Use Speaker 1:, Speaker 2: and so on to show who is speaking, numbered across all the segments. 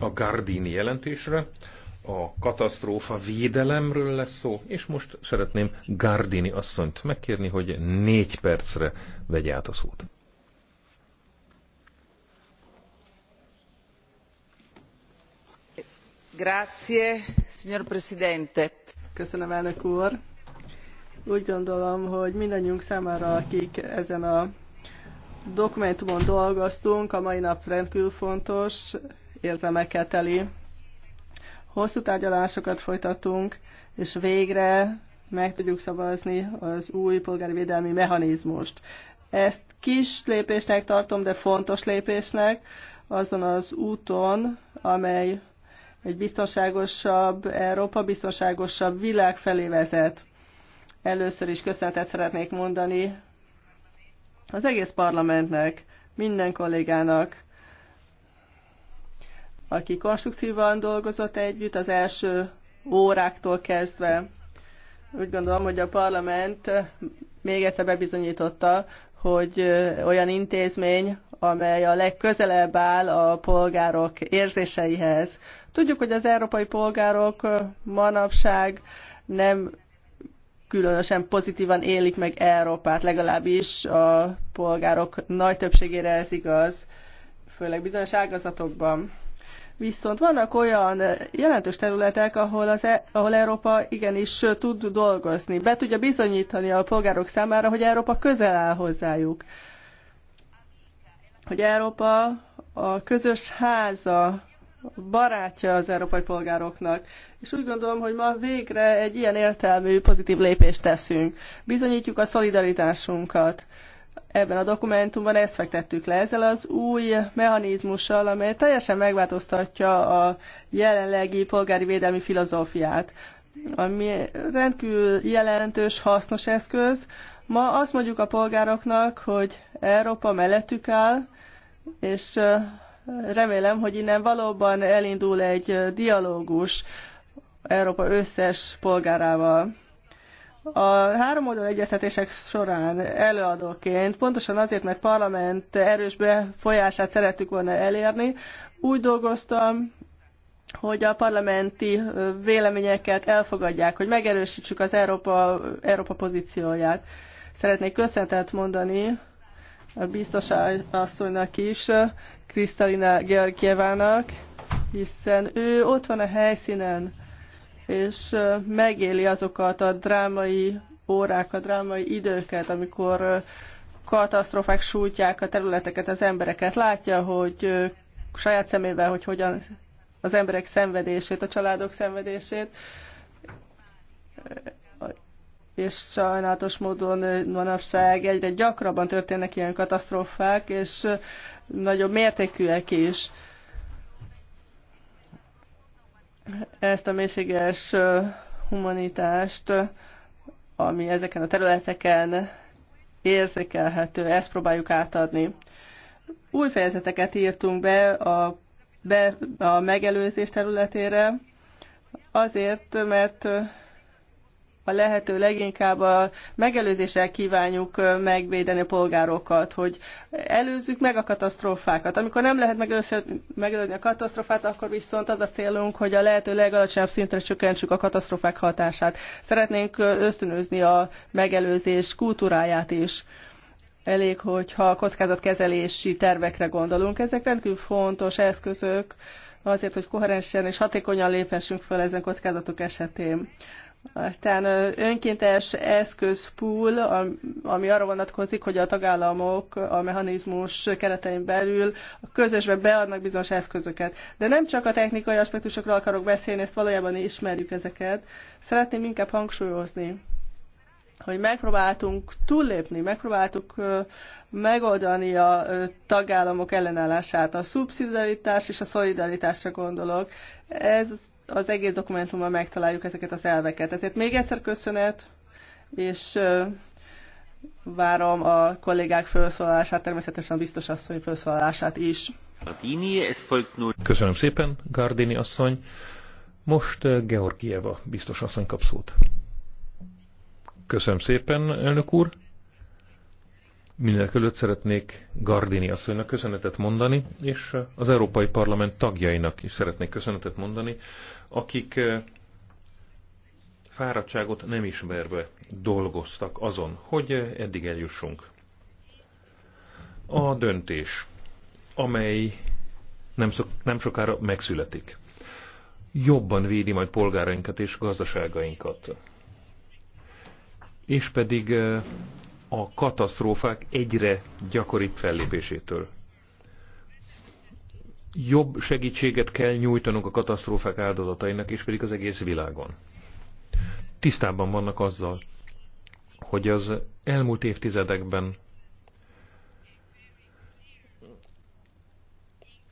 Speaker 1: a Gardini jelentésre, a katasztrófa védelemről lesz szó, és most szeretném Gardini asszonyt megkérni, hogy négy percre vegye át a szót.
Speaker 2: Grazie, signor Presidente. Köszönöm, elnök úr. Úgy gondolom, hogy mindannyiunk számára, akik ezen a dokumentumon dolgoztunk, a mai nap rendkívül fontos, érzelmekkel teli. Hosszú tárgyalásokat folytatunk, és végre meg tudjuk szavazni az új polgári védelmi mechanizmust. Ezt kis lépésnek tartom, de fontos lépésnek azon az úton, amely egy biztonságosabb Európa, biztonságosabb világ felé vezet. Először is köszönetet szeretnék mondani az egész parlamentnek, minden kollégának, aki konstruktívan dolgozott együtt az első óráktól kezdve. Úgy gondolom, hogy a parlament még egyszer bebizonyította, hogy olyan intézmény, amely a legközelebb áll a polgárok érzéseihez. Tudjuk, hogy az európai polgárok manapság nem különösen pozitívan élik meg Európát, legalábbis a polgárok nagy többségére ez igaz, főleg bizonyos ágazatokban. Viszont vannak olyan eh, jelentős területek, ahol, az e, ahol Európa igenis eh, tud dolgozni, be tudja bizonyítani a polgárok számára, hogy Európa közel áll hozzájuk. Hogy Európa a közös háza, barátja az európai polgároknak. És úgy gondolom, hogy ma végre egy ilyen értelmű pozitív lépést teszünk. Bizonyítjuk a szolidaritásunkat ebben a dokumentumban ezt fektettük le ezzel az új mechanizmussal, amely teljesen megváltoztatja a jelenlegi polgári védelmi filozófiát, ami rendkívül jelentős, hasznos eszköz. Ma azt mondjuk a polgároknak, hogy Európa mellettük áll, és remélem, hogy innen valóban elindul egy dialógus Európa összes polgárával a három oldal egyeztetések során előadóként, pontosan azért, mert parlament erős befolyását szerettük volna elérni, úgy dolgoztam, hogy a parlamenti véleményeket elfogadják, hogy megerősítsük az Európa, Európa pozícióját. Szeretnék köszöntet mondani a biztos asszonynak is, Kristalina Georgievának, hiszen ő ott van a helyszínen, és megéli azokat a drámai órák a drámai időket, amikor katasztrofák sújtják a területeket, az embereket. Látja, hogy saját szemével, hogy hogyan az emberek szenvedését, a családok szenvedését, és sajnálatos módon manapság egyre gyakrabban történnek ilyen katasztrófák, és nagyobb mértékűek is. Ezt a mélységes humanitást, ami ezeken a területeken érzékelhető, ezt próbáljuk átadni. Új fejezeteket írtunk be a, be a megelőzés területére, azért, mert a lehető leginkább a megelőzéssel kívánjuk megvédeni a polgárokat, hogy előzzük meg a katasztrófákat. Amikor nem lehet megelőzni a katasztrófát, akkor viszont az a célunk, hogy a lehető legalacsonyabb szintre csökkentsük a katasztrófák hatását. Szeretnénk ösztönözni a megelőzés kultúráját is. Elég, hogyha kockázatkezelési tervekre gondolunk. Ezek rendkívül fontos eszközök, azért, hogy koherensen és hatékonyan léphessünk fel ezen kockázatok esetén. Aztán önkéntes eszközpool, ami arra vonatkozik, hogy a tagállamok a mechanizmus keretein belül közösbe beadnak bizonyos eszközöket. De nem csak a technikai aspektusokról akarok beszélni, ezt valójában ismerjük ezeket. Szeretném inkább hangsúlyozni, hogy megpróbáltunk túllépni, megpróbáltuk megoldani a tagállamok ellenállását. A szubszidaritás és a szolidaritásra gondolok. Ez az egész dokumentumban megtaláljuk ezeket az elveket. Ezért még egyszer köszönet, és várom a kollégák felszólalását, természetesen a biztos asszony felszólalását is.
Speaker 1: Köszönöm szépen, Gardini asszony. Most Georgieva biztos asszony kap szót. Köszönöm szépen, elnök úr. Mindenek előtt szeretnék Gardini asszonynak köszönetet mondani, és az Európai Parlament tagjainak is szeretnék köszönetet mondani, akik eh, fáradtságot nem ismerve dolgoztak azon, hogy eh, eddig eljussunk. A döntés, amely nem, szok, nem sokára megszületik, jobban védi majd polgárainkat és gazdaságainkat. És pedig eh, a katasztrófák egyre gyakoribb fellépésétől. Jobb segítséget kell nyújtanunk a katasztrófák áldozatainak, és pedig az egész világon. Tisztában vannak azzal, hogy az elmúlt évtizedekben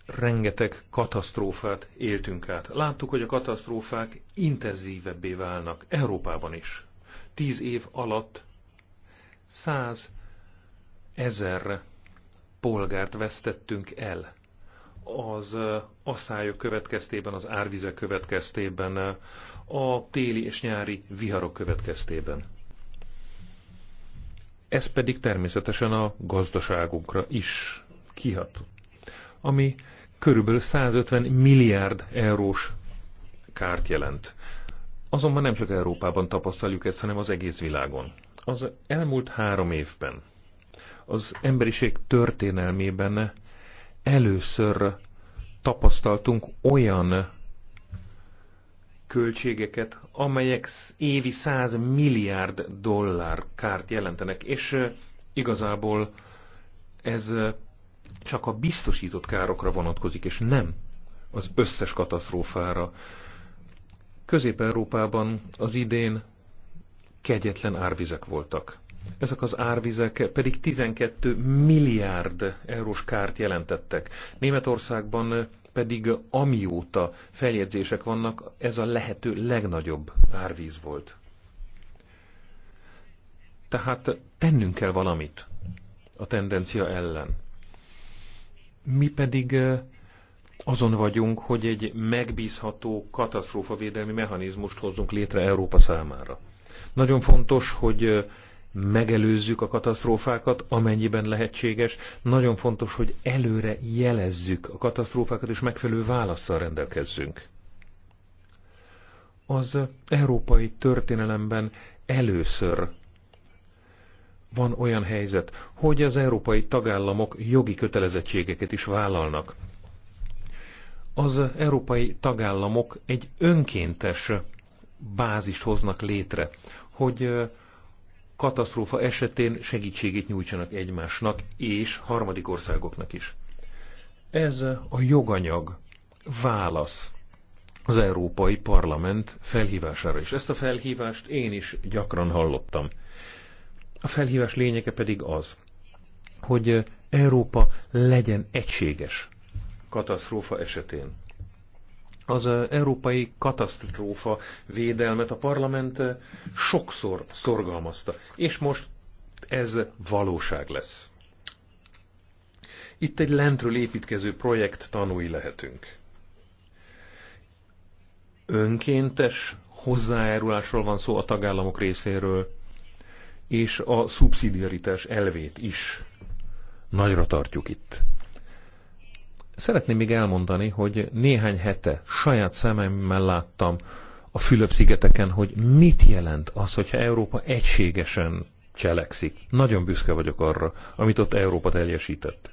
Speaker 1: rengeteg katasztrófát éltünk át. Láttuk, hogy a katasztrófák intenzívebbé válnak Európában is. Tíz év alatt száz ezer polgárt vesztettünk el az asszályok következtében, az árvizek következtében, a téli és nyári viharok következtében. Ez pedig természetesen a gazdaságunkra is kihat, ami körülbelül 150 milliárd eurós kárt jelent. Azonban nem csak Európában tapasztaljuk ezt, hanem az egész világon. Az elmúlt három évben az emberiség történelmében először tapasztaltunk olyan költségeket, amelyek évi 100 milliárd dollár kárt jelentenek, és igazából ez csak a biztosított károkra vonatkozik, és nem az összes katasztrófára. Közép-Európában az idén kegyetlen árvizek voltak. Ezek az árvizek pedig 12 milliárd eurós kárt jelentettek. Németországban pedig amióta feljegyzések vannak, ez a lehető legnagyobb árvíz volt. Tehát tennünk kell valamit a tendencia ellen. Mi pedig eh, azon vagyunk, hogy egy megbízható katasztrófavédelmi mechanizmust hozzunk létre Európa számára. Nagyon fontos, hogy megelőzzük a katasztrófákat, amennyiben lehetséges. Nagyon fontos, hogy előre jelezzük a katasztrófákat, és megfelelő válaszsal rendelkezzünk. Az európai történelemben először van olyan helyzet, hogy az európai tagállamok jogi kötelezettségeket is vállalnak. Az európai tagállamok egy önkéntes bázist hoznak létre, hogy katasztrófa esetén segítségét nyújtsanak egymásnak és harmadik országoknak is. Ez a joganyag válasz az Európai Parlament felhívására is. Ezt a felhívást én is gyakran hallottam. A felhívás lényege pedig az, hogy Európa legyen egységes katasztrófa esetén. Az európai katasztrófa védelmet a parlament sokszor szorgalmazta, és most ez valóság lesz. Itt egy lentről építkező projekt tanúi lehetünk. Önkéntes hozzájárulásról van szó a tagállamok részéről, és a szubszidiaritás elvét is nagyra tartjuk itt. Szeretném még elmondani, hogy néhány hete saját szememmel láttam a Fülöp-szigeteken, hogy mit jelent az, hogyha Európa egységesen cselekszik. Nagyon büszke vagyok arra, amit ott Európa teljesített.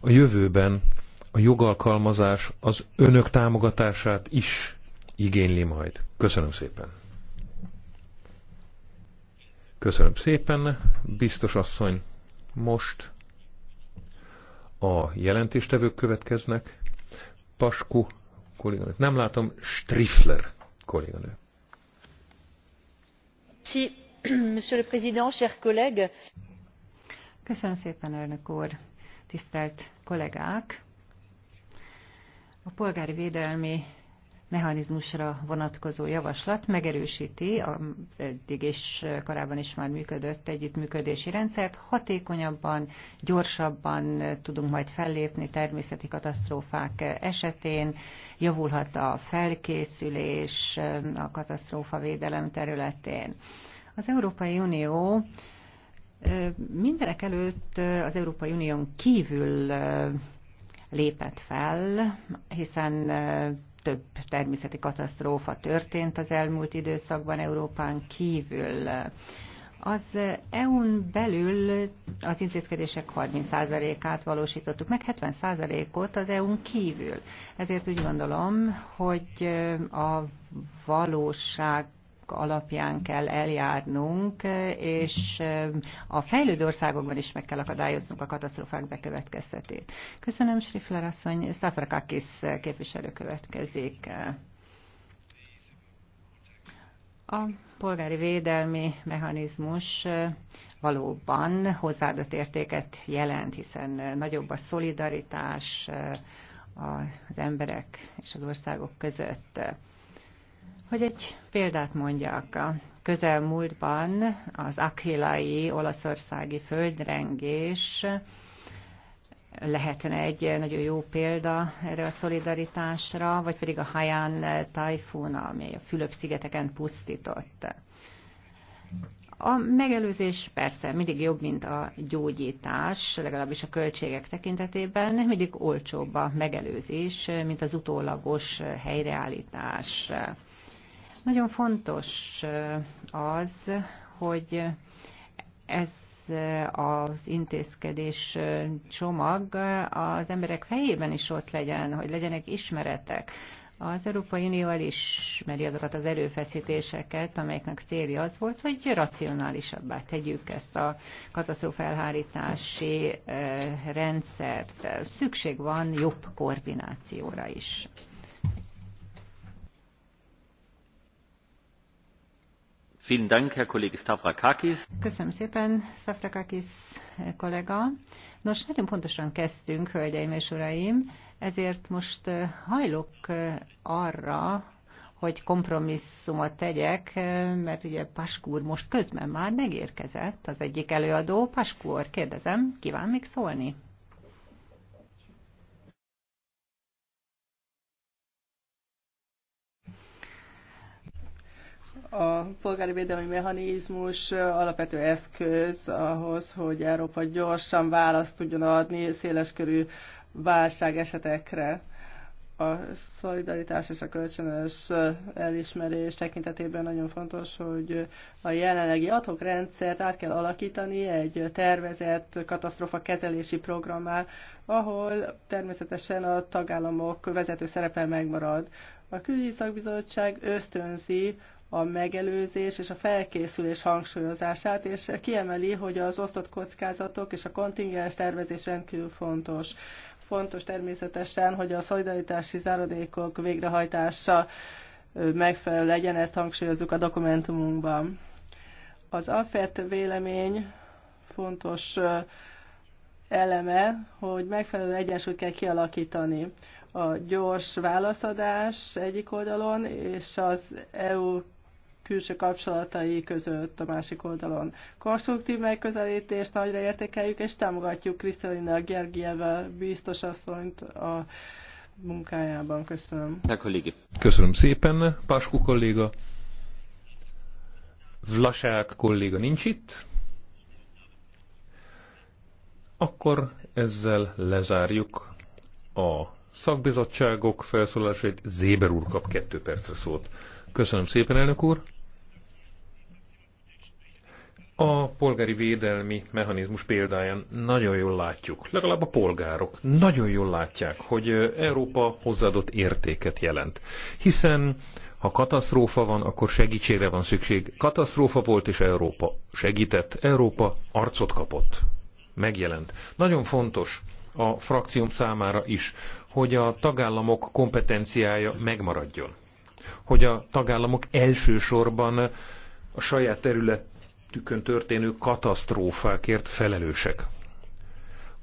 Speaker 1: A jövőben a jogalkalmazás az önök támogatását is igényli majd. Köszönöm szépen. Köszönöm szépen, biztos asszony. Most a jelentéstevők következnek. Pasku kolléganő. nem látom, Strifler kolléganő.
Speaker 3: Si, monsieur le président, Köszönöm szépen, elnök úr, tisztelt kollégák! A polgári védelmi mechanizmusra vonatkozó javaslat megerősíti az eddig is korábban is már működött együttműködési rendszert. Hatékonyabban, gyorsabban tudunk majd fellépni természeti katasztrófák esetén, javulhat a felkészülés a katasztrófa védelem területén. Az Európai Unió mindenek előtt az Európai Unión kívül lépett fel, hiszen több természeti katasztrófa történt az elmúlt időszakban Európán kívül. Az EU-n belül az intézkedések 30%-át valósítottuk meg, 70%-ot az EU-n kívül. Ezért úgy gondolom, hogy a valóság alapján kell eljárnunk, és eh, a fejlődő országokban is meg kell akadályoznunk a katasztrófák bekövetkeztetét. Köszönöm, Schriffler asszony. Szafrakakis képviselő következik. A polgári védelmi mechanizmus eh, valóban hozzáadott értéket jelent, hiszen eh, nagyobb a szolidaritás az emberek és az országok között. Hogy egy példát mondjak, a közelmúltban az akilai olaszországi földrengés lehetne egy nagyon jó példa erre a szolidaritásra, vagy pedig a Haiyan tajfun, ami a Fülöp-szigeteken pusztított. A megelőzés persze mindig jobb, mint a gyógyítás, legalábbis a költségek tekintetében, mindig olcsóbb a megelőzés, mint az utólagos helyreállítás. Nagyon fontos az, hogy ez az intézkedés csomag az emberek fejében is ott legyen, hogy legyenek ismeretek. Az Európai Unió elismeri azokat az erőfeszítéseket, amelyeknek célja az volt, hogy racionálisabbá tegyük ezt a katasztrófelhárítási rendszert. Szükség van jobb koordinációra is. Köszönöm szépen, Stavrakakis kollega. Nos, nagyon pontosan kezdtünk, hölgyeim és uraim, ezért most hajlok arra, hogy kompromisszumot tegyek, mert ugye Paskúr most közben már megérkezett, az egyik előadó. Paskúr, kérdezem, kíván még szólni?
Speaker 2: A polgári védelmi mechanizmus alapvető eszköz ahhoz, hogy Európa gyorsan választ tudjon adni széleskörű válság esetekre a szolidaritás és a kölcsönös elismerés tekintetében nagyon fontos, hogy a jelenlegi adhok rendszert át kell alakítani egy tervezett katasztrofa kezelési programmá, ahol természetesen a tagállamok vezető szerepe megmarad. A külügyi szakbizottság ösztönzi a megelőzés és a felkészülés hangsúlyozását, és kiemeli, hogy az osztott kockázatok és a kontingens tervezés rendkívül fontos. Fontos természetesen, hogy a szolidaritási záradékok végrehajtása megfelelő legyen, ezt hangsúlyozzuk a dokumentumunkban. Az AFET vélemény fontos eleme, hogy megfelelő egyensúlyt kell kialakítani. A gyors válaszadás egyik oldalon, és az EU külső kapcsolatai között a másik oldalon. Konstruktív megközelítést nagyra értékeljük, és támogatjuk Krisztalina Gergieva asszonyt a munkájában. Köszönöm.
Speaker 1: Köszönöm szépen, Pásku kolléga. Vlasák kolléga nincs itt. Akkor ezzel lezárjuk a szakbizottságok felszólásait. Zéber úr kap kettő percre szót. Köszönöm szépen, elnök úr. A polgári védelmi mechanizmus példáján nagyon jól látjuk, legalább a polgárok nagyon jól látják, hogy Európa hozzáadott értéket jelent. Hiszen ha katasztrófa van, akkor segítségre van szükség. Katasztrófa volt, és Európa segített. Európa arcot kapott. Megjelent. Nagyon fontos a frakcióm számára is, hogy a tagállamok kompetenciája megmaradjon hogy a tagállamok elsősorban a saját területükön történő katasztrófákért felelősek.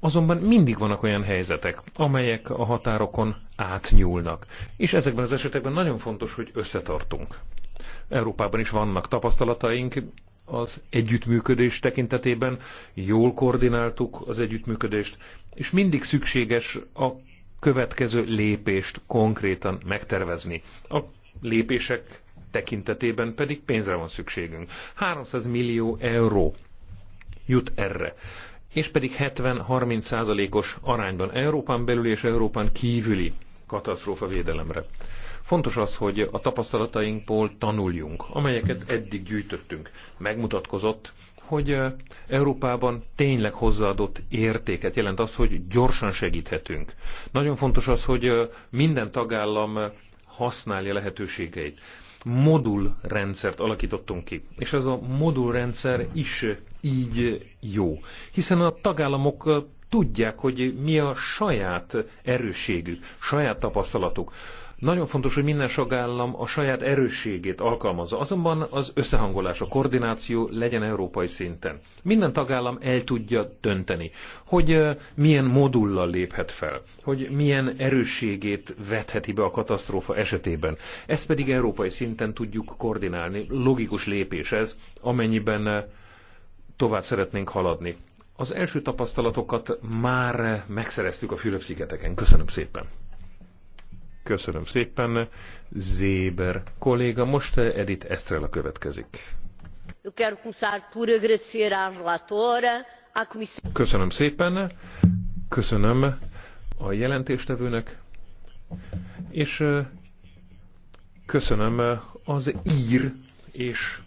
Speaker 1: Azonban mindig vannak olyan helyzetek, amelyek a határokon átnyúlnak. És ezekben az esetekben nagyon fontos, hogy összetartunk. Európában is vannak tapasztalataink az együttműködés tekintetében, jól koordináltuk az együttműködést, és mindig szükséges a következő lépést konkrétan megtervezni. A lépések tekintetében pedig pénzre van szükségünk. 300 millió euró jut erre és pedig 70-30 százalékos arányban Európán belül és Európán kívüli katasztrófa védelemre. Fontos az, hogy a tapasztalatainkból tanuljunk, amelyeket eddig gyűjtöttünk. Megmutatkozott, hogy Európában tényleg hozzáadott értéket jelent az, hogy gyorsan segíthetünk. Nagyon fontos az, hogy minden tagállam használja lehetőségeit. Modulrendszert alakítottunk ki, és ez a modulrendszer is így jó, hiszen a tagállamok eh, tudják, hogy mi a saját erősségük, saját tapasztalatuk. Nagyon fontos, hogy minden sagállam a saját erősségét alkalmazza, azonban az összehangolás, a koordináció legyen európai szinten. Minden tagállam el tudja dönteni, hogy milyen modullal léphet fel, hogy milyen erősségét vetheti be a katasztrófa esetében. Ezt pedig európai szinten tudjuk koordinálni. Logikus lépés ez, amennyiben tovább szeretnénk haladni. Az első tapasztalatokat már megszereztük a Fülöp-szigeteken. Köszönöm szépen! Köszönöm szépen, Zéber kolléga. Most eh, Edith Estrella következik. Köszönöm szépen, köszönöm a jelentéstevőnek, és eh, köszönöm eh, az ír és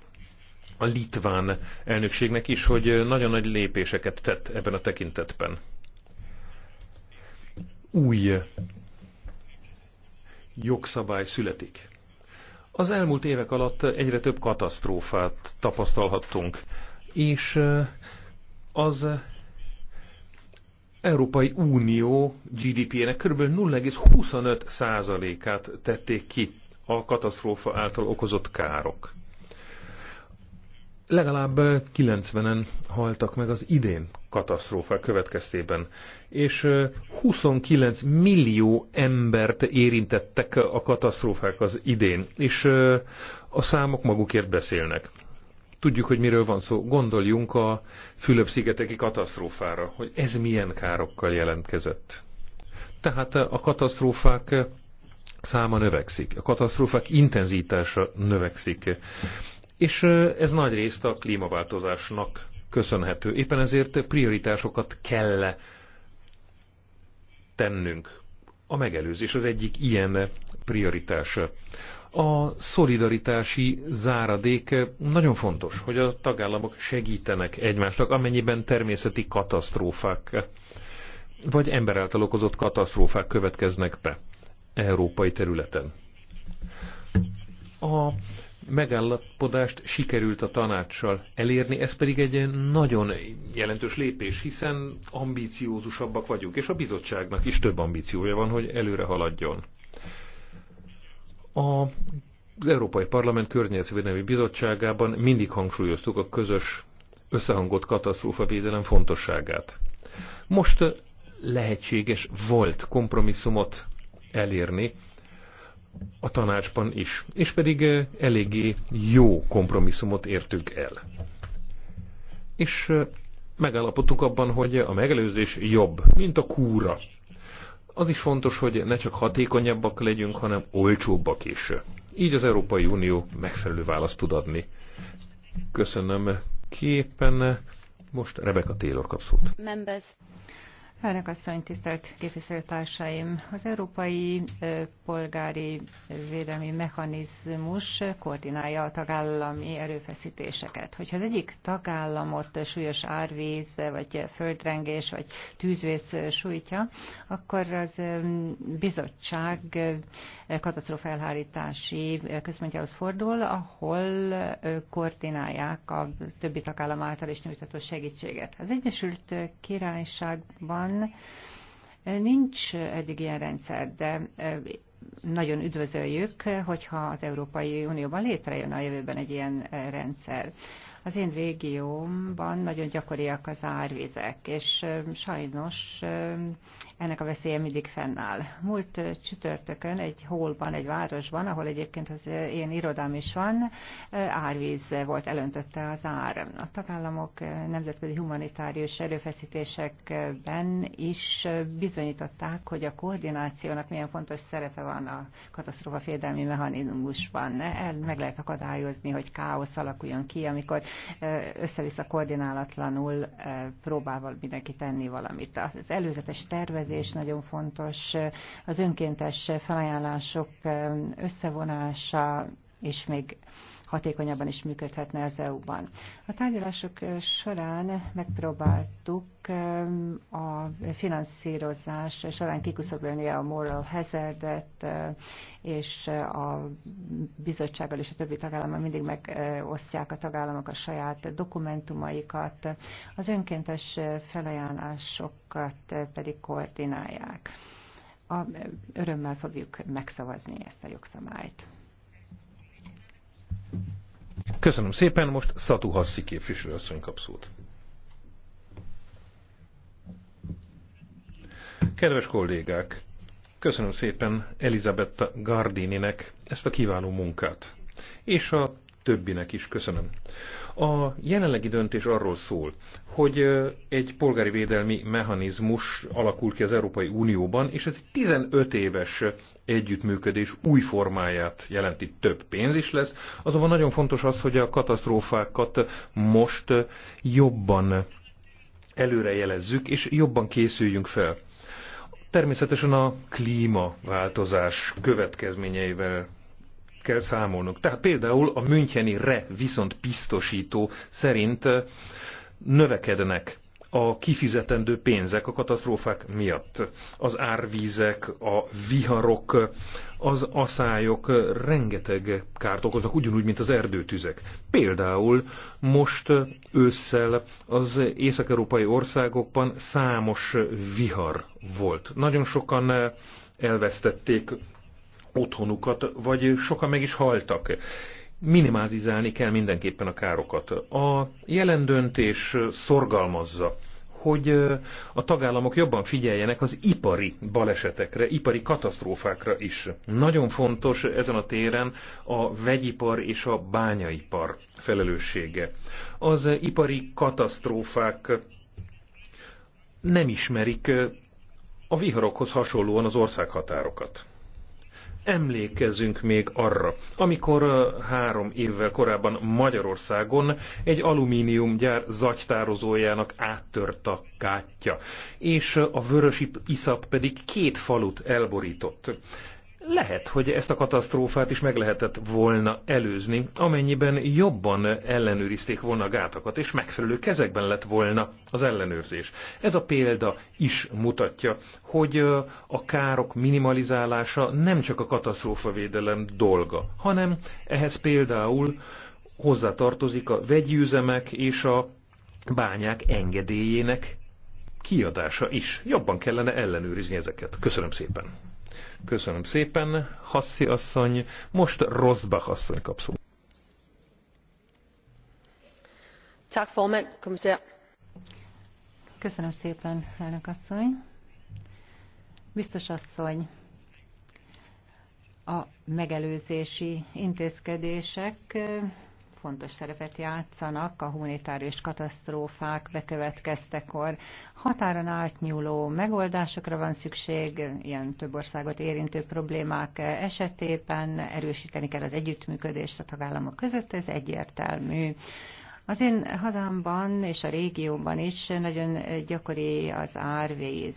Speaker 1: a litván elnökségnek is, hogy nagyon nagy lépéseket tett ebben a tekintetben. Új jogszabály születik. Az elmúlt évek alatt egyre több katasztrófát tapasztalhattunk, és az Európai Unió GDP-nek kb. 0,25%-át tették ki a katasztrófa által okozott károk legalább 90-en haltak meg az idén katasztrófák következtében, és 29 millió embert érintettek a katasztrófák az idén, és a számok magukért beszélnek. Tudjuk, hogy miről van szó. Gondoljunk a Fülöp-szigeteki katasztrófára, hogy ez milyen károkkal jelentkezett. Tehát a katasztrófák száma növekszik, a katasztrófák intenzitása növekszik. És ez nagy részt a klímaváltozásnak köszönhető. Éppen ezért prioritásokat kell tennünk. A megelőzés az egyik ilyen prioritása. A szolidaritási záradék nagyon fontos, hogy a tagállamok segítenek egymásnak, amennyiben természeti katasztrófák vagy ember által okozott katasztrófák következnek be európai területen. A megállapodást sikerült a tanácssal elérni, ez pedig egy nagyon jelentős lépés, hiszen ambíciózusabbak vagyunk, és a bizottságnak is több ambíciója van, hogy előre haladjon. A az Európai Parlament Környezetvédelmi Bizottságában mindig hangsúlyoztuk a közös összehangolt katasztrófavédelem fontosságát. Most lehetséges volt kompromisszumot elérni, a tanácsban is, és pedig eléggé jó kompromisszumot értünk el. És megállapodtunk abban, hogy a megelőzés jobb, mint a kúra. Az is fontos, hogy ne csak hatékonyabbak legyünk, hanem olcsóbbak is. Így az Európai Unió megfelelő választ tud adni. Köszönöm képen. Most Rebecca Taylor kap szót.
Speaker 3: Elnök asszony, tisztelt képviselőtársaim! Az Európai Polgári Védelmi Mechanizmus koordinálja a tagállami erőfeszítéseket. Hogyha az egyik tagállamot súlyos árvíz, vagy földrengés, vagy tűzvész sújtja, akkor az bizottság katasztrofelhárítási központjához fordul, ahol koordinálják a többi tagállam által is nyújtatott segítséget. Az Egyesült Királyságban van. Nincs eddig ilyen rendszer, de nagyon üdvözöljük, hogyha az Európai Unióban létrejön a jövőben egy ilyen rendszer. Az én régiómban nagyon gyakoriak az árvizek, és sajnos ennek a veszélye mindig fennáll. Múlt csütörtökön egy hólban, egy városban, ahol egyébként az én irodám is van, árvíz volt, elöntötte az ár. A tagállamok nemzetközi humanitárius erőfeszítésekben is bizonyították, hogy a koordinációnak milyen fontos szerepe van a katasztrófa védelmi mechanizmusban. El, meg lehet akadályozni, hogy káosz alakuljon ki, amikor össze-vissza koordinálatlanul próbál mindenki tenni valamit. Az előzetes tervezés nagyon fontos, az önkéntes felajánlások összevonása, és még hatékonyabban is működhetne az EU-ban. A tárgyalások során megpróbáltuk a finanszírozás során kikuszogolni a moral hazardet, és a bizottsággal és a többi tagállammal mindig megosztják a tagállamok a saját dokumentumaikat, az önkéntes felajánlásokat pedig koordinálják. A, örömmel fogjuk megszavazni ezt a jogszabályt.
Speaker 1: Köszönöm szépen, most Szatú Hasszi képviselőasszony kap szót. Kedves kollégák, köszönöm szépen Elizabetta Gardininek ezt a kiváló munkát, és a többinek is köszönöm. A jelenlegi döntés arról szól, hogy egy polgári védelmi mechanizmus alakul ki az Európai Unióban, és ez egy 15 éves együttműködés új formáját jelenti. Több pénz is lesz, azonban nagyon fontos az, hogy a katasztrófákat most jobban előrejelezzük, és jobban készüljünk fel. Természetesen a klímaváltozás következményeivel kell számolnunk. Tehát például a Müncheni Re viszont biztosító szerint növekednek a kifizetendő pénzek a katasztrófák miatt. Az árvízek, a viharok, az aszályok rengeteg kárt okoznak, ugyanúgy, mint az erdőtüzek. Például most ősszel az észak-európai országokban számos vihar volt. Nagyon sokan elvesztették otthonukat, vagy sokan meg is haltak. Minimalizálni kell mindenképpen a károkat. A jelen döntés szorgalmazza, hogy a tagállamok jobban figyeljenek az ipari balesetekre, ipari katasztrófákra is. Nagyon fontos ezen a téren a vegyipar és a bányaipar felelőssége. Az ipari katasztrófák nem ismerik a viharokhoz hasonlóan az országhatárokat emlékezzünk még arra, amikor három évvel korábban Magyarországon egy alumíniumgyár zagytározójának áttört a kátya, és a vörösi iszap pedig két falut elborított. Lehet, hogy ezt a katasztrófát is meg lehetett volna előzni, amennyiben jobban ellenőrizték volna a gátakat, és megfelelő kezekben lett volna az ellenőrzés. Ez a példa is mutatja, hogy a károk minimalizálása nem csak a katasztrófavédelem dolga, hanem ehhez például hozzátartozik a vegyűzemek és a bányák engedélyének kiadása is. Jobban kellene ellenőrizni ezeket. Köszönöm szépen. Köszönöm szépen, Hassi asszony. Most Rosbach asszony kap szó.
Speaker 3: Köszönöm szépen, elnök asszony. Biztos asszony, a megelőzési intézkedések fontos szerepet játszanak a humanitárius katasztrófák bekövetkeztekor. Határon átnyúló megoldásokra van szükség, ilyen több országot érintő problémák esetében erősíteni kell az együttműködést a tagállamok között, ez egyértelmű. Az én hazámban és a régióban is nagyon gyakori az árvíz,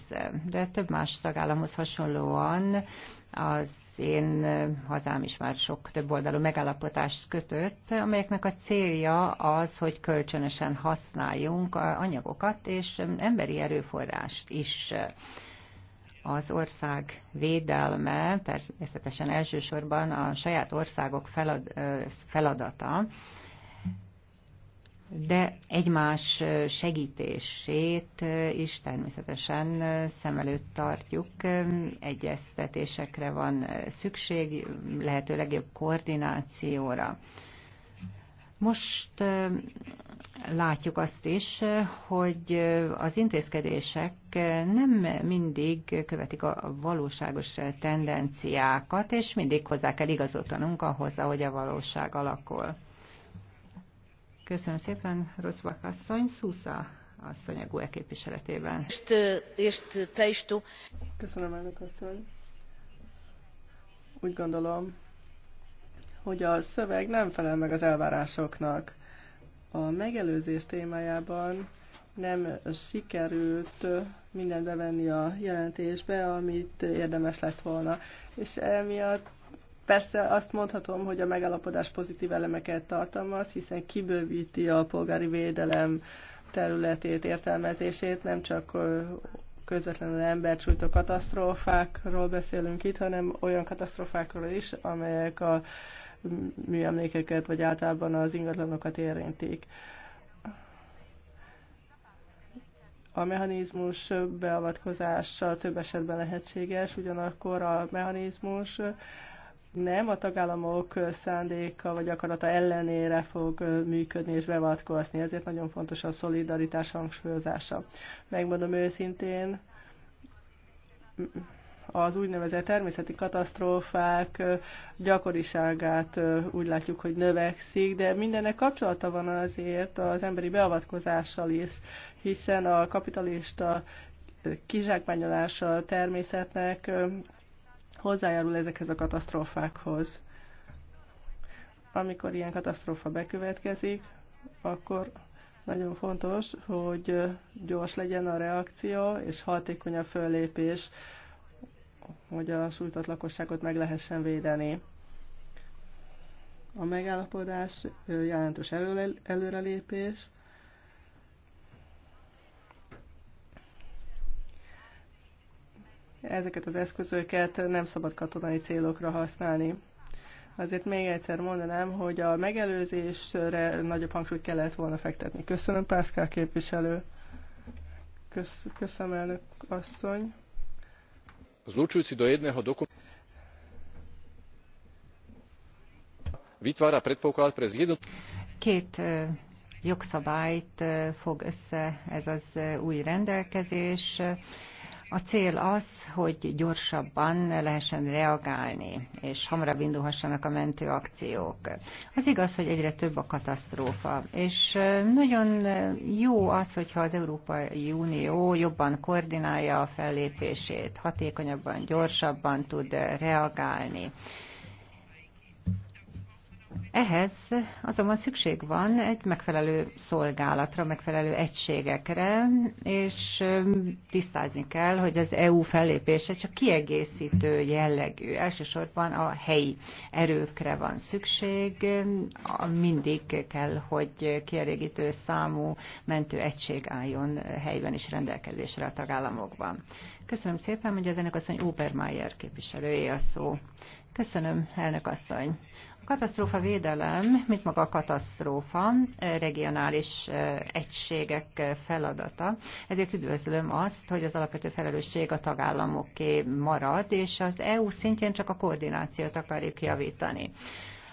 Speaker 3: de több más tagállamhoz hasonlóan az az én hazám is már sok több oldalú megállapotást kötött, amelyeknek a célja az, hogy kölcsönösen használjunk anyagokat és emberi erőforrást is. Az ország védelme természetesen elsősorban a saját országok felad, feladata, de egymás segítését is természetesen szem előtt tartjuk. Egyeztetésekre van szükség, lehető legjobb koordinációra. Most eh, látjuk azt is, hogy az intézkedések nem mindig követik a valóságos tendenciákat, és mindig hozzá kell igazoltanunk ahhoz, ahogy a valóság alakul. Köszönöm szépen, Rozbak asszony. Szúsza asszony a GUE képviseletében.
Speaker 2: Köszönöm, elnök asszony. Úgy gondolom, hogy a szöveg nem felel meg az elvárásoknak. A megelőzés témájában nem sikerült mindent bevenni a jelentésbe, amit érdemes lett volna. És emiatt Persze azt mondhatom, hogy a megállapodás pozitív elemeket tartalmaz, hiszen kibővíti a polgári védelem területét, értelmezését, nem csak közvetlenül embercsújtó katasztrófákról beszélünk itt, hanem olyan katasztrófákról is, amelyek a műemlékeket, vagy általában az ingatlanokat érintik. A mechanizmus beavatkozása több esetben lehetséges, ugyanakkor a mechanizmus nem a tagállamok szándéka vagy akarata ellenére fog működni és beavatkozni. Ezért nagyon fontos a szolidaritás hangsúlyozása. Megmondom őszintén, az úgynevezett természeti katasztrófák gyakoriságát úgy látjuk, hogy növekszik, de mindennek kapcsolata van azért az emberi beavatkozással is, hiszen a kapitalista kizsákmányolása a természetnek hozzájárul ezekhez a katasztrófákhoz. Amikor ilyen katasztrófa bekövetkezik, akkor nagyon fontos, hogy gyors legyen a reakció és hatékony a föllépés, hogy a sújtott lakosságot meg lehessen védeni. A megállapodás jelentős előrelépés, ezeket az eszközöket nem szabad katonai célokra használni. Azért még egyszer mondanám, hogy a megelőzésre nagyobb hangsúlyt kellett volna fektetni. Köszönöm, Pászkál képviselő. Kösz, köszönöm, elnök asszony.
Speaker 1: Zlučujúci do jedného dokumentu vytvára predpoklad pre zjednodušenie.
Speaker 3: Két jogszabályt fog össze ez az új rendelkezés. A cél az, hogy gyorsabban lehessen reagálni, és hamarabb indulhassanak a mentőakciók. Az igaz, hogy egyre több a katasztrófa, és nagyon jó az, hogyha az Európai Unió jobban koordinálja a fellépését, hatékonyabban, gyorsabban tud reagálni. Ehhez azonban szükség van egy megfelelő szolgálatra, megfelelő egységekre, és tisztázni kell, hogy az EU fellépése csak kiegészítő jellegű. Elsősorban a helyi erőkre van szükség, mindig kell, hogy kielégítő számú mentő egység álljon helyben is rendelkezésre a tagállamokban. Köszönöm szépen, hogy az ennek asszony Obermeier képviselője a szó. Köszönöm, elnök asszony katasztrófa védelem, mint maga a katasztrófa, eh, regionális eh, egységek eh, feladata. Ezért üdvözlöm azt, hogy az alapvető felelősség a tagállamoké marad, és az EU szintjén csak a koordinációt akarjuk javítani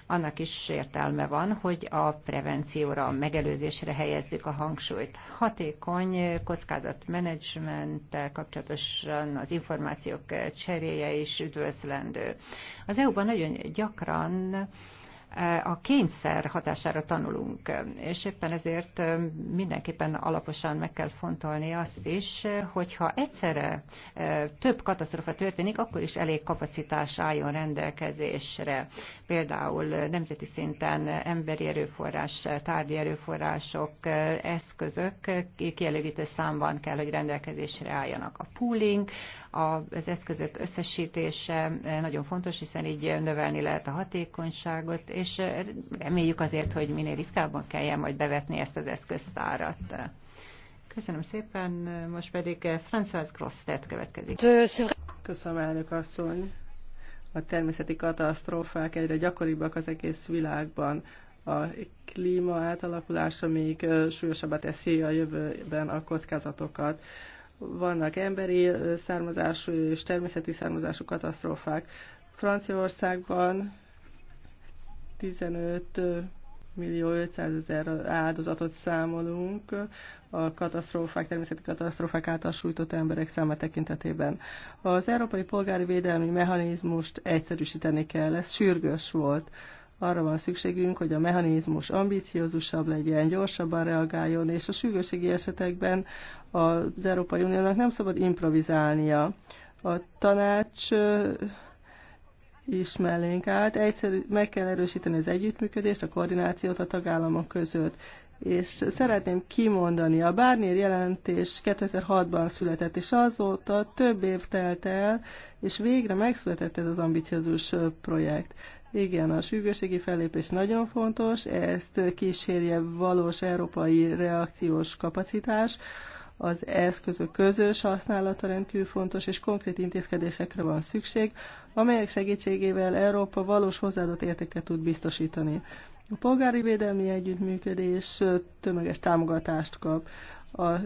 Speaker 3: annak is értelme van, hogy a prevencióra, a megelőzésre helyezzük a hangsúlyt. Hatékony kockázatmenedzsmenttel kapcsolatosan az információk cseréje is üdvözlendő. Az EU-ban nagyon gyakran a kényszer hatására tanulunk, és éppen ezért mindenképpen alaposan meg kell fontolni azt is, hogyha egyszerre több katasztrófa történik, akkor is elég kapacitás álljon rendelkezésre. Például nemzeti szinten emberi erőforrás, tárgyi erőforrások, eszközök kielégítő számban kell, hogy rendelkezésre álljanak. A pooling, az eszközök összesítése eh, nagyon fontos, hiszen így növelni lehet a hatékonyságot, és eh, reméljük azért, hogy minél ritkábban kelljen majd bevetni ezt az eszköztárat. Köszönöm szépen, most pedig eh, François Grosztet következik.
Speaker 2: Köszönöm, elnök asszony. A természeti katasztrófák egyre gyakoribbak az egész világban a klíma átalakulása még súlyosabbá teszi a jövőben a kockázatokat vannak emberi származású és természeti származású katasztrófák. Franciaországban 15 millió 500 ezer áldozatot számolunk a katasztrófák, természeti katasztrófák által sújtott emberek száma tekintetében. Az Európai Polgári Védelmi Mechanizmust egyszerűsíteni kell, ez sürgős volt. Arra van szükségünk, hogy a mechanizmus ambiciózusabb legyen, gyorsabban reagáljon, és a sürgőségi esetekben az Európai Uniónak nem szabad improvizálnia. A tanács is mellénk állt. Egyszerű, meg kell erősíteni az együttműködést, a koordinációt a tagállamok között. És szeretném kimondani, a Bárnér jelentés 2006-ban született, és azóta több év telt el, és végre megszületett ez az ambiciózus projekt. Igen, a sürgőségi fellépés nagyon fontos, ezt kísérje valós európai reakciós kapacitás, az eszközök közös használata rendkívül fontos, és konkrét intézkedésekre van szükség, amelyek segítségével Európa valós hozzáadott értéket tud biztosítani. A polgári védelmi együttműködés tömeges támogatást kap. Az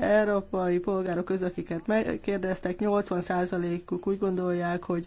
Speaker 2: európai polgárok közül, akiket megkérdeztek, 80%-uk úgy gondolják, hogy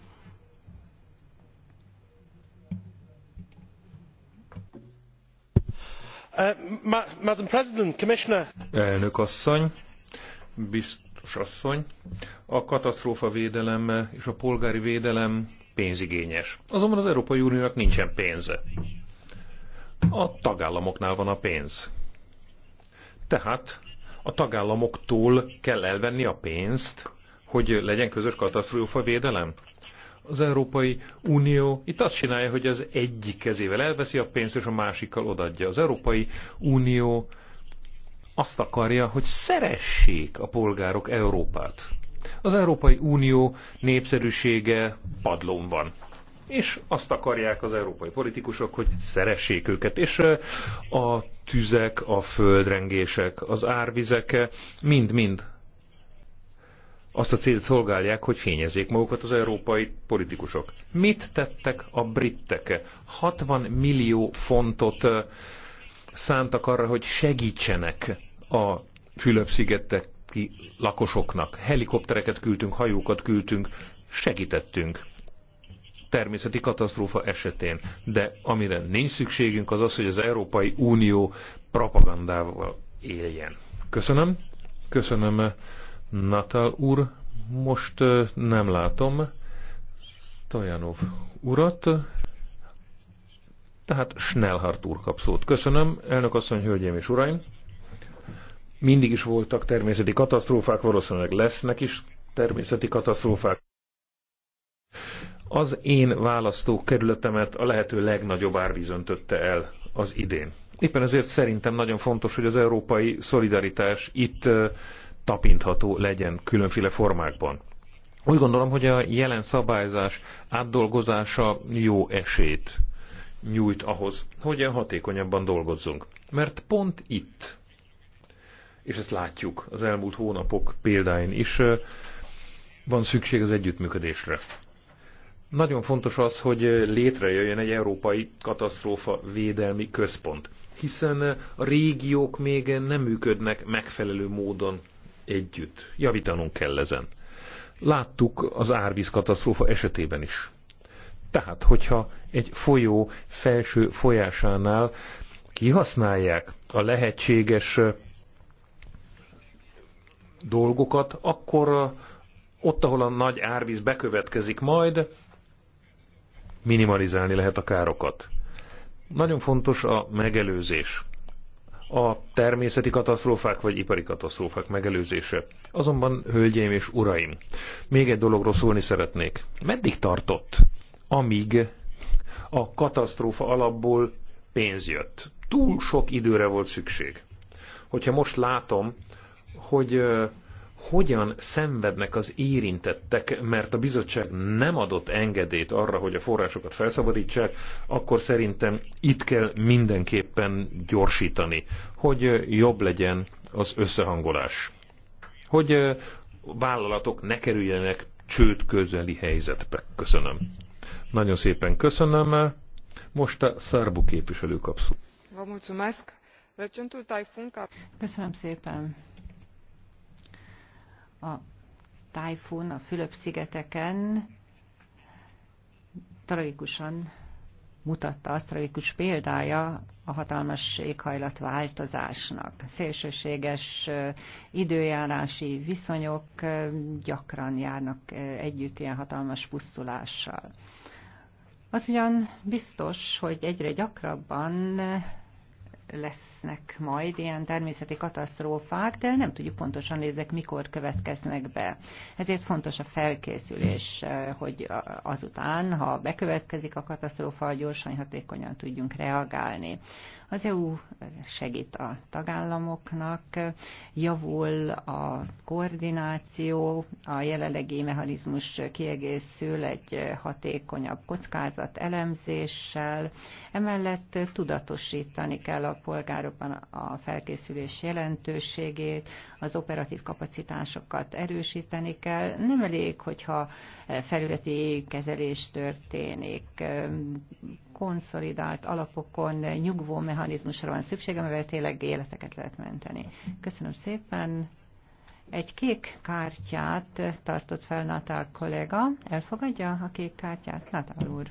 Speaker 1: Uh, Madam President, Commissioner. Elnök asszony, biztos asszony, a katasztrófa védelem és a polgári védelem pénzigényes. Azonban az Európai Uniónak nincsen pénze. A tagállamoknál van a pénz. Tehát a tagállamoktól kell elvenni a pénzt, hogy legyen közös katasztrófa védelem? az Európai Unió itt azt csinálja, hogy az egyik kezével elveszi a pénzt, és a másikkal odadja. Az Európai Unió azt akarja, hogy szeressék a polgárok Európát. Az Európai Unió népszerűsége padlón van. És azt akarják az európai politikusok, hogy szeressék őket. És a tüzek, a földrengések, az árvizek mind-mind azt a célt szolgálják, hogy fényezzék magukat az európai politikusok. Mit tettek a britek? 60 millió fontot szántak arra, hogy segítsenek a Fülöp-szigeteki lakosoknak. Helikoptereket küldtünk, hajókat küldtünk, segítettünk természeti katasztrófa esetén. De amire nincs szükségünk, az az, hogy az Európai Unió propagandával éljen. Köszönöm. Köszönöm Natal úr, most nem látom Stojanov urat, tehát Schnellhardt úr kap szót. Köszönöm, elnök asszony, hölgyeim és uraim. Mindig is voltak természeti katasztrófák, valószínűleg lesznek is természeti katasztrófák. Az én választókerületemet a lehető legnagyobb árvíz öntötte el az idén. Éppen ezért szerintem nagyon fontos, hogy az európai szolidaritás itt tapintható legyen különféle formákban. Úgy gondolom, hogy a jelen szabályzás átdolgozása jó esélyt nyújt ahhoz, hogy hatékonyabban dolgozzunk. Mert pont itt, és ezt látjuk az elmúlt hónapok példáin is, van szükség az együttműködésre. Nagyon fontos az, hogy létrejöjjön egy európai katasztrófa védelmi központ, hiszen a régiók még nem működnek megfelelő módon együtt. Javítanunk kell ezen. Láttuk az árvíz katasztrófa esetében is. Tehát, hogyha egy folyó felső folyásánál kihasználják a lehetséges dolgokat, akkor ott, ahol a nagy árvíz bekövetkezik majd, minimalizálni lehet a károkat. Nagyon fontos a megelőzés a természeti katasztrófák vagy ipari katasztrófák megelőzése. Azonban, hölgyeim és uraim, még egy dologról szólni szeretnék. Meddig tartott, amíg a katasztrófa alapból pénz jött? Túl sok időre volt szükség. Hogyha most látom, hogy hogyan szenvednek az érintettek, mert a bizottság nem adott engedélyt arra, hogy a forrásokat felszabadítsák, akkor szerintem itt kell mindenképpen gyorsítani, hogy jobb legyen az összehangolás. Hogy vállalatok ne kerüljenek csőd közeli helyzetbe. Köszönöm. Nagyon szépen köszönöm. Most a Szárbu képviselő kapszul.
Speaker 3: Köszönöm szépen a tájfun a Fülöp-szigeteken tragikusan mutatta azt tragikus példája a hatalmas éghajlatváltozásnak. Szélsőséges időjárási viszonyok gyakran járnak együtt ilyen hatalmas pusztulással. Az ugyan biztos, hogy egyre gyakrabban lesz lesznek majd ilyen természeti katasztrófák, de nem tudjuk pontosan nézzek, mikor következnek be. Ezért fontos a felkészülés, hogy azután, ha bekövetkezik a katasztrófa, gyorsan, hatékonyan tudjunk reagálni. Az EU segít a tagállamoknak, javul a koordináció, a jelenlegi mechanizmus kiegészül egy hatékonyabb kockázat elemzéssel, emellett tudatosítani kell a polgárok jobban a felkészülés jelentőségét, az operatív kapacitásokat erősíteni kell. Nem elég, hogyha felületi kezelés történik, konszolidált alapokon nyugvó mechanizmusra van szükség, amivel tényleg életeket lehet menteni. Köszönöm szépen. Egy kék kártyát tartott fel Natál kollega. Elfogadja a kék kártyát, Natál úr?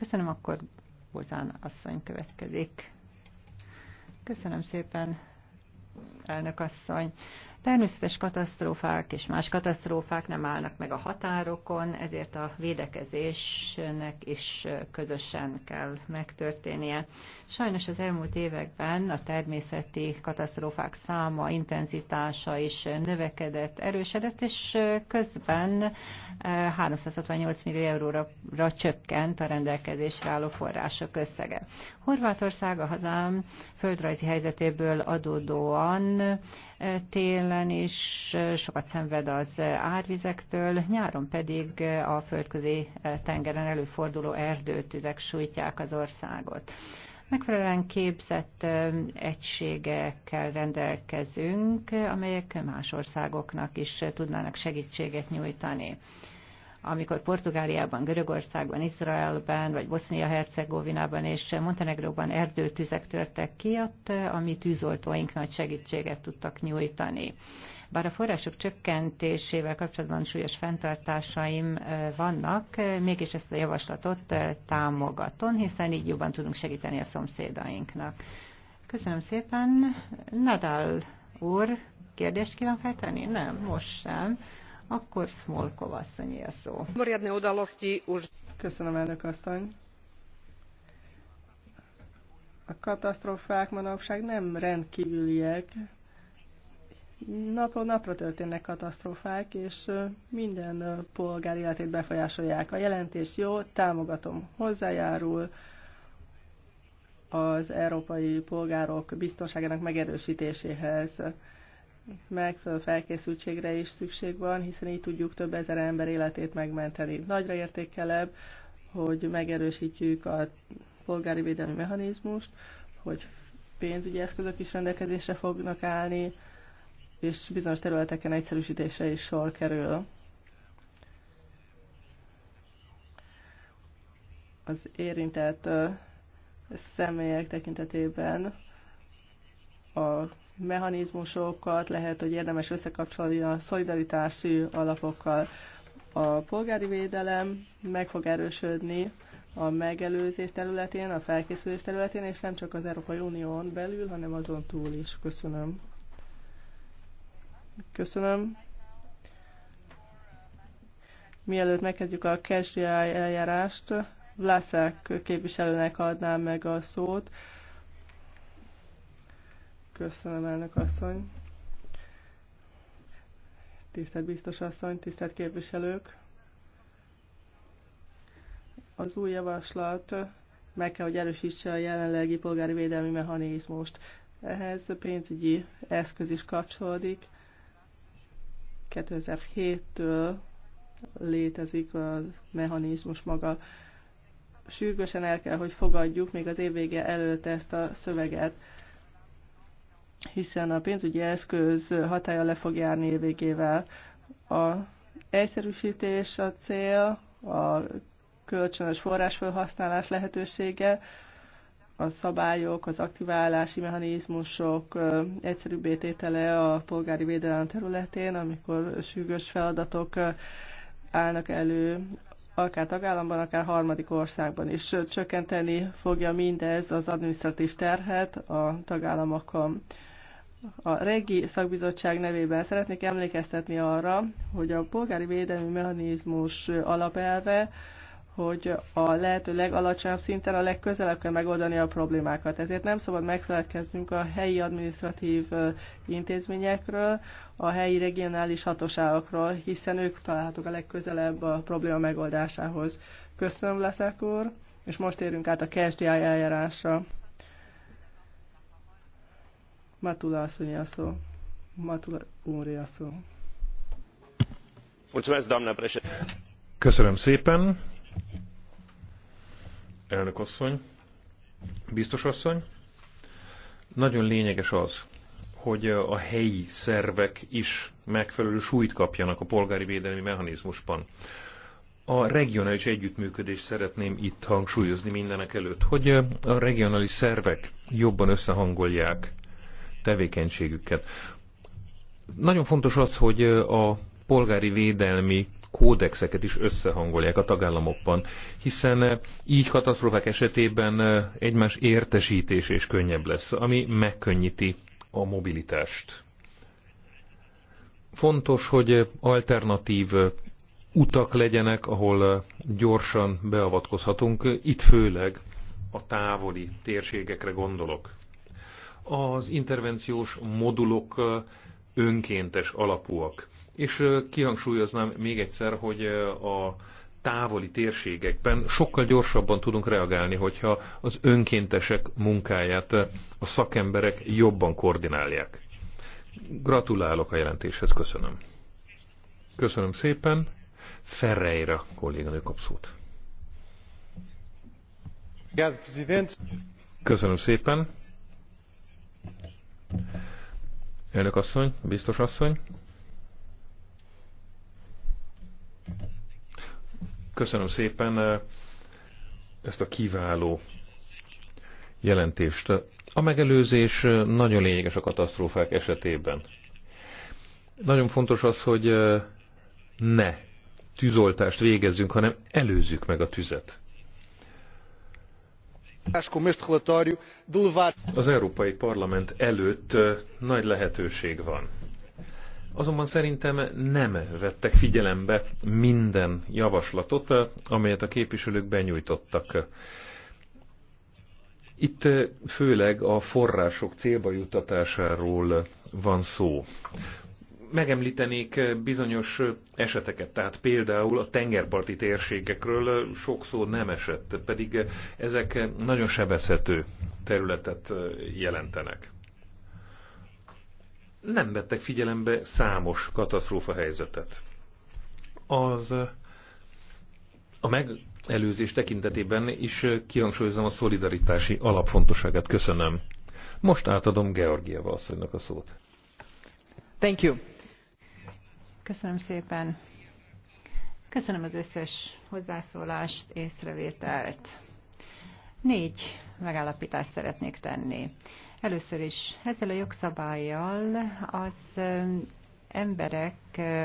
Speaker 3: Köszönöm, akkor Bozán asszony következik. Köszönöm szépen, elnök asszony. Természetes katasztrófák és más katasztrófák nem állnak meg a határokon, ezért a védekezésnek is közösen kell megtörténnie. Sajnos az elmúlt években a természeti katasztrófák száma, intenzitása is növekedett, erősedett és közben 368 millió euróra csökkent a rendelkezésre álló források összege. Horvátország a hazám földrajzi helyzetéből adódóan télen is sokat szenved az árvizektől, nyáron pedig a földközi tengeren előforduló erdőtüzek sújtják az országot megfelelően képzett egységekkel rendelkezünk, amelyek más országoknak is tudnának segítséget nyújtani amikor Portugáliában, Görögországban, Izraelben, vagy Bosznia-Hercegovinában és Montenegróban erdőtüzek törtek ki, ott eh, ami tűzoltóink nagy segítséget tudtak nyújtani. Bár a források csökkentésével kapcsolatban súlyos fenntartásaim eh, vannak, eh, mégis ezt a javaslatot támogatom, hiszen így jobban tudunk segíteni a szomszédainknak. Köszönöm szépen. Nadal úr, kérdést kíván feltenni? Nem, most sem. Akkor Smolkov asszonyé a szó.
Speaker 2: Köszönöm, elnök asszony. A katasztrófák manapság nem rendkívüliek. Napról napra történnek katasztrófák, és minden polgár életét befolyásolják. A jelentés jó, támogatom, hozzájárul az európai polgárok biztonságának megerősítéséhez megfelelő felkészültségre is szükség van, hiszen így tudjuk több ezer ember életét megmenteni. Nagyra értékelebb, hogy megerősítjük a polgári védelmi mechanizmust, hogy pénzügyi eszközök is rendelkezésre fognak állni, és bizonyos területeken egyszerűsítése is sor kerül. Az érintett személyek tekintetében a mechanizmusokat lehet, hogy érdemes összekapcsolni a szolidaritási alapokkal. A polgári védelem meg fog erősödni a megelőzés területén, a felkészülés területén, és nem csak az Európai Unión belül, hanem azon túl is. Köszönöm. Köszönöm. Mielőtt megkezdjük a KSDI eljárást, Vlaszák képviselőnek adnám meg a szót. Köszönöm, elnök asszony. Tisztelt biztos asszony, tisztelt képviselők. Az új javaslat meg kell, hogy erősítse a jelenlegi polgári védelmi mechanizmust. Ehhez pénzügyi eszköz is kapcsolódik. 2007-től létezik a mechanizmus maga. Sürgősen el kell, hogy fogadjuk még az év vége előtt ezt a szöveget hiszen a pénzügyi eszköz hatája le fog járni évvégével. A egyszerűsítés a cél, a kölcsönös forrásfelhasználás lehetősége, a szabályok, az aktiválási mechanizmusok egyszerűbb tétele a polgári védelem területén, amikor sürgős feladatok állnak elő, akár tagállamban, akár harmadik országban is. Csökkenteni fogja mindez az administratív terhet a tagállamokon. A Regi Szakbizottság nevében szeretnék emlékeztetni arra, hogy a polgári védelmi mechanizmus alapelve, hogy a lehető legalacsonyabb szinten a legközelebb kell megoldani a problémákat. Ezért nem szabad megfeledkeznünk a helyi administratív intézményekről, a helyi regionális hatóságokról, hiszen ők találhatók a legközelebb a probléma megoldásához. Köszönöm, Leszek úr, és most érünk át a KSDI eljárásra. Matula asszony a Matula úri a
Speaker 1: Köszönöm szépen. Elnök asszony, biztos asszony. Nagyon lényeges az, hogy a helyi szervek is megfelelő súlyt kapjanak a polgári védelmi mechanizmusban. A regionális együttműködést szeretném itt hangsúlyozni mindenek előtt, hogy a regionális szervek jobban összehangolják tevékenységüket. Nagyon fontos az, hogy a polgári védelmi kódexeket is összehangolják a tagállamokban, hiszen így katasztrófák esetében egymás értesítés és könnyebb lesz, ami megkönnyíti a mobilitást. Fontos, hogy alternatív utak legyenek, ahol gyorsan beavatkozhatunk, itt főleg a távoli térségekre gondolok az intervenciós modulok önkéntes alapúak. És kihangsúlyoznám még egyszer, hogy a távoli térségekben sokkal gyorsabban tudunk reagálni, hogyha az önkéntesek munkáját a szakemberek jobban koordinálják. Gratulálok a jelentéshez, köszönöm. Köszönöm szépen. Ferreira kolléganő kap Köszönöm szépen. Elnök asszony, biztos asszony. Köszönöm szépen eh, ezt a kiváló jelentést. A megelőzés eh, nagyon lényeges a katasztrófák esetében. Nagyon fontos az, hogy eh, ne tűzoltást végezzünk, hanem előzzük meg a tüzet. Az Európai Parlament előtt nagy lehetőség van. Azonban szerintem nem vettek figyelembe minden javaslatot, amelyet a képviselők benyújtottak. Itt főleg a források célba jutatásáról van szó megemlítenék bizonyos eseteket, tehát például a tengerparti térségekről sok szó nem esett, pedig ezek nagyon sebezhető területet jelentenek. Nem vettek figyelembe számos katasztrófa helyzetet. Az a megelőzés tekintetében is kihangsúlyozom a szolidaritási alapfontosságát. Köszönöm. Most átadom Georgieva asszonynak a szót.
Speaker 4: Thank you.
Speaker 3: Köszönöm szépen. Köszönöm az összes hozzászólást, észrevételt. Négy megállapítást szeretnék tenni. Először is ezzel a jogszabályjal az emberek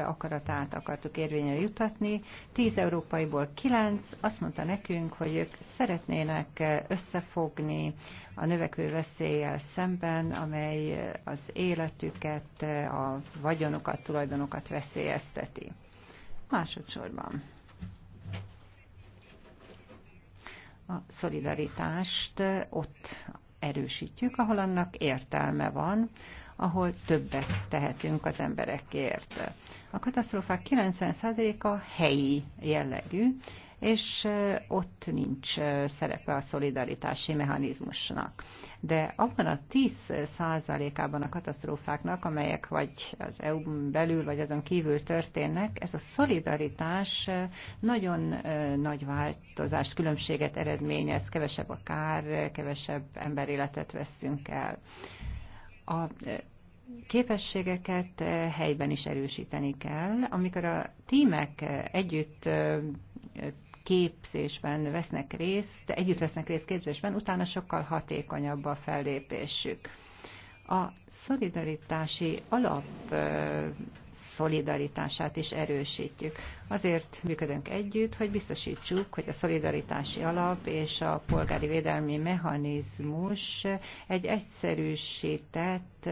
Speaker 3: akaratát akartuk érvényre jutatni. Tíz európaiból kilenc azt mondta nekünk, hogy ők szeretnének összefogni a növekvő veszéllyel szemben, amely az életüket, a vagyonokat, tulajdonokat veszélyezteti. Másodszorban a szolidaritást ott erősítjük, ahol annak értelme van, ahol többet tehetünk az emberekért. A katasztrófák 90%-a helyi jellegű, és ott nincs szerepe a szolidaritási mechanizmusnak. De abban a 10%-ában a katasztrófáknak, amelyek vagy az EU belül, vagy azon kívül történnek, ez a szolidaritás nagyon nagy változást, különbséget eredményez, kevesebb a kár, kevesebb emberéletet veszünk el. A e, képességeket e, helyben is erősíteni kell. Amikor a tímek e, együtt képzésben vesznek részt, együtt vesznek részt képzésben, utána sokkal hatékonyabb a fellépésük. A szolidaritási alap szolidaritását is erősítjük. Azért működünk együtt, hogy biztosítsuk, hogy a szolidaritási alap és a polgári védelmi mechanizmus egy egyszerűsített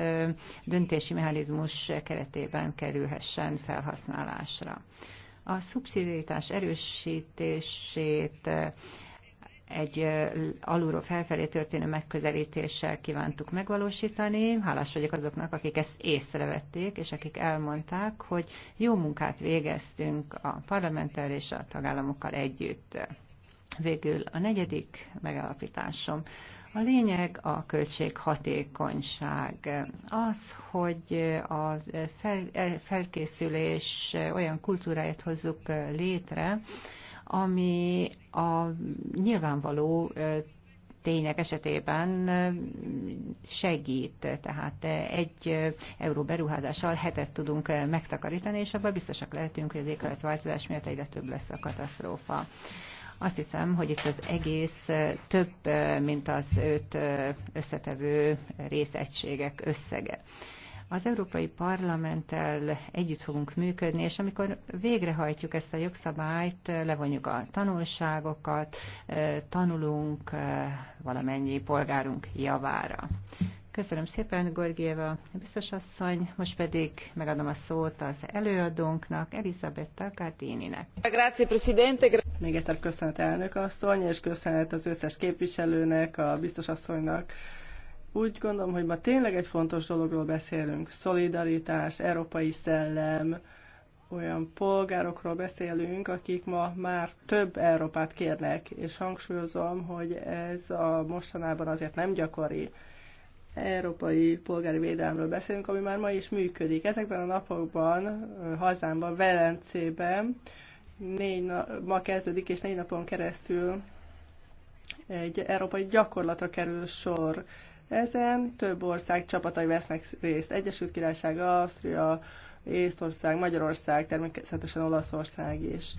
Speaker 3: döntési mechanizmus keretében kerülhessen felhasználásra. A szubszidiaritás erősítését egy alulról felfelé történő megközelítéssel kívántuk megvalósítani. Hálás vagyok azoknak, akik ezt észrevették, és akik elmondták, hogy jó munkát végeztünk a parlamenttel és a tagállamokkal együtt. Végül a negyedik megállapításom. A lényeg a költséghatékonyság. Az, hogy a fel, e, felkészülés olyan kultúráját hozzuk létre, ami a nyilvánvaló tények esetében segít. Tehát egy euró beruházással hetet tudunk megtakarítani, és abban biztosak lehetünk, hogy az éghajlatváltozás miatt egyre több lesz a katasztrófa. Azt hiszem, hogy itt az egész több, mint az öt összetevő részegységek összege. Az Európai Parlamenttel együtt fogunk működni, és amikor végrehajtjuk ezt a jogszabályt, levonjuk a tanulságokat, tanulunk valamennyi polgárunk javára. Köszönöm szépen, Gorgieva biztos asszony. Most pedig megadom a szót az előadónknak, Elisabetta Gardininek.
Speaker 2: Grazie, Presidente. Még egyszer köszönet elnök asszony, és köszönet az összes képviselőnek, a biztos asszonynak úgy gondolom, hogy ma tényleg egy fontos dologról beszélünk. Szolidaritás, európai szellem, olyan polgárokról beszélünk, akik ma már több Európát kérnek, és hangsúlyozom, hogy ez a mostanában azért nem gyakori európai polgári védelmről beszélünk, ami már ma is működik. Ezekben a napokban hazámban, Velencében négy na- ma kezdődik, és négy napon keresztül egy európai gyakorlatra kerül sor ezen több ország csapatai vesznek részt. Egyesült Királyság, Ausztria, Észtország, Magyarország, természetesen Olaszország is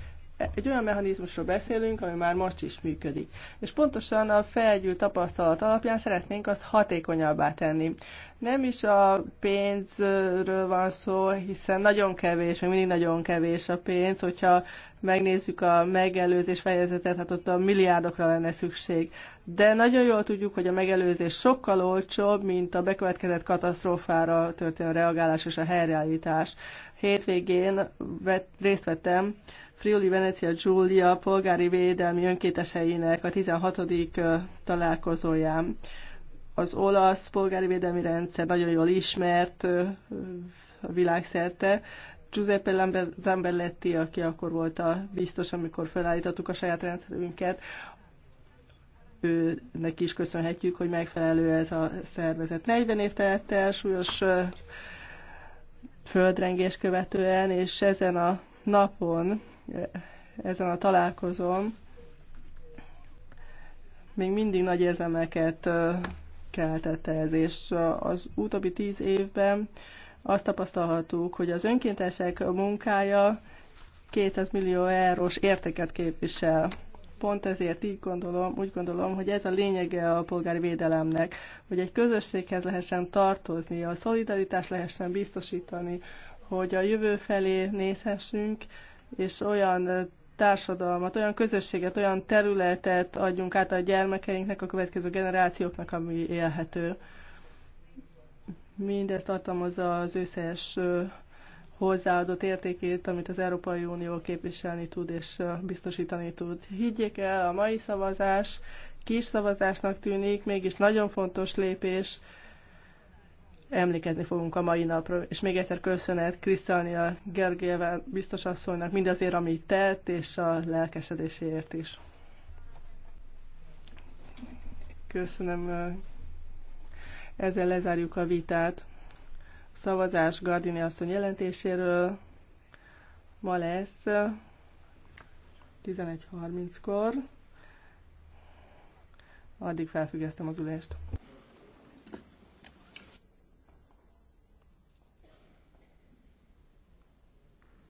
Speaker 2: egy olyan mechanizmusról beszélünk, ami már most is működik. És pontosan a felgyűlt tapasztalat alapján szeretnénk azt hatékonyabbá tenni. Nem is a pénzről van szó, hiszen nagyon kevés, még mindig nagyon kevés a pénz, hogyha megnézzük a megelőzés fejezetet, hát ott a milliárdokra lenne szükség. De nagyon jól tudjuk, hogy a megelőzés sokkal olcsóbb, mint a bekövetkezett katasztrófára történő reagálás és a helyreállítás. Hétvégén vett, részt vettem Friuli Venecia Giulia polgári védelmi önkéteseinek a 16. találkozóján. Az olasz polgári védelmi rendszer nagyon jól ismert világszerte. Giuseppe Zamberletti, aki akkor volt a biztos, amikor felállítottuk a saját rendszerünket, ő, is köszönhetjük, hogy megfelelő ez a szervezet. 40 év telt el, súlyos földrengés követően, és ezen a napon ezen a találkozón még mindig nagy érzelmeket keltette ez, és az utóbbi tíz évben azt tapasztalhattuk, hogy az önkéntesek munkája 200 millió eurós értéket képvisel. Pont ezért így gondolom, úgy gondolom, hogy ez a lényege a polgári védelemnek, hogy egy közösséghez lehessen tartozni, a szolidaritást lehessen biztosítani, hogy a jövő felé nézhessünk, és olyan társadalmat, olyan közösséget, olyan területet adjunk át a gyermekeinknek, a következő generációknak, ami élhető. Mindezt tartalmazza az összes hozzáadott értékét, amit az Európai Unió képviselni tud és biztosítani tud. Higgyék el, a mai szavazás kis szavazásnak tűnik, mégis nagyon fontos lépés, emlékezni fogunk a mai napról. És még egyszer köszönet a Gergével biztos asszonynak mindazért, amit tett, és a lelkesedéséért is. Köszönöm. Ezzel lezárjuk a vitát. Szavazás Gardini asszony jelentéséről ma lesz 11.30-kor. Addig felfüggesztem az ülést.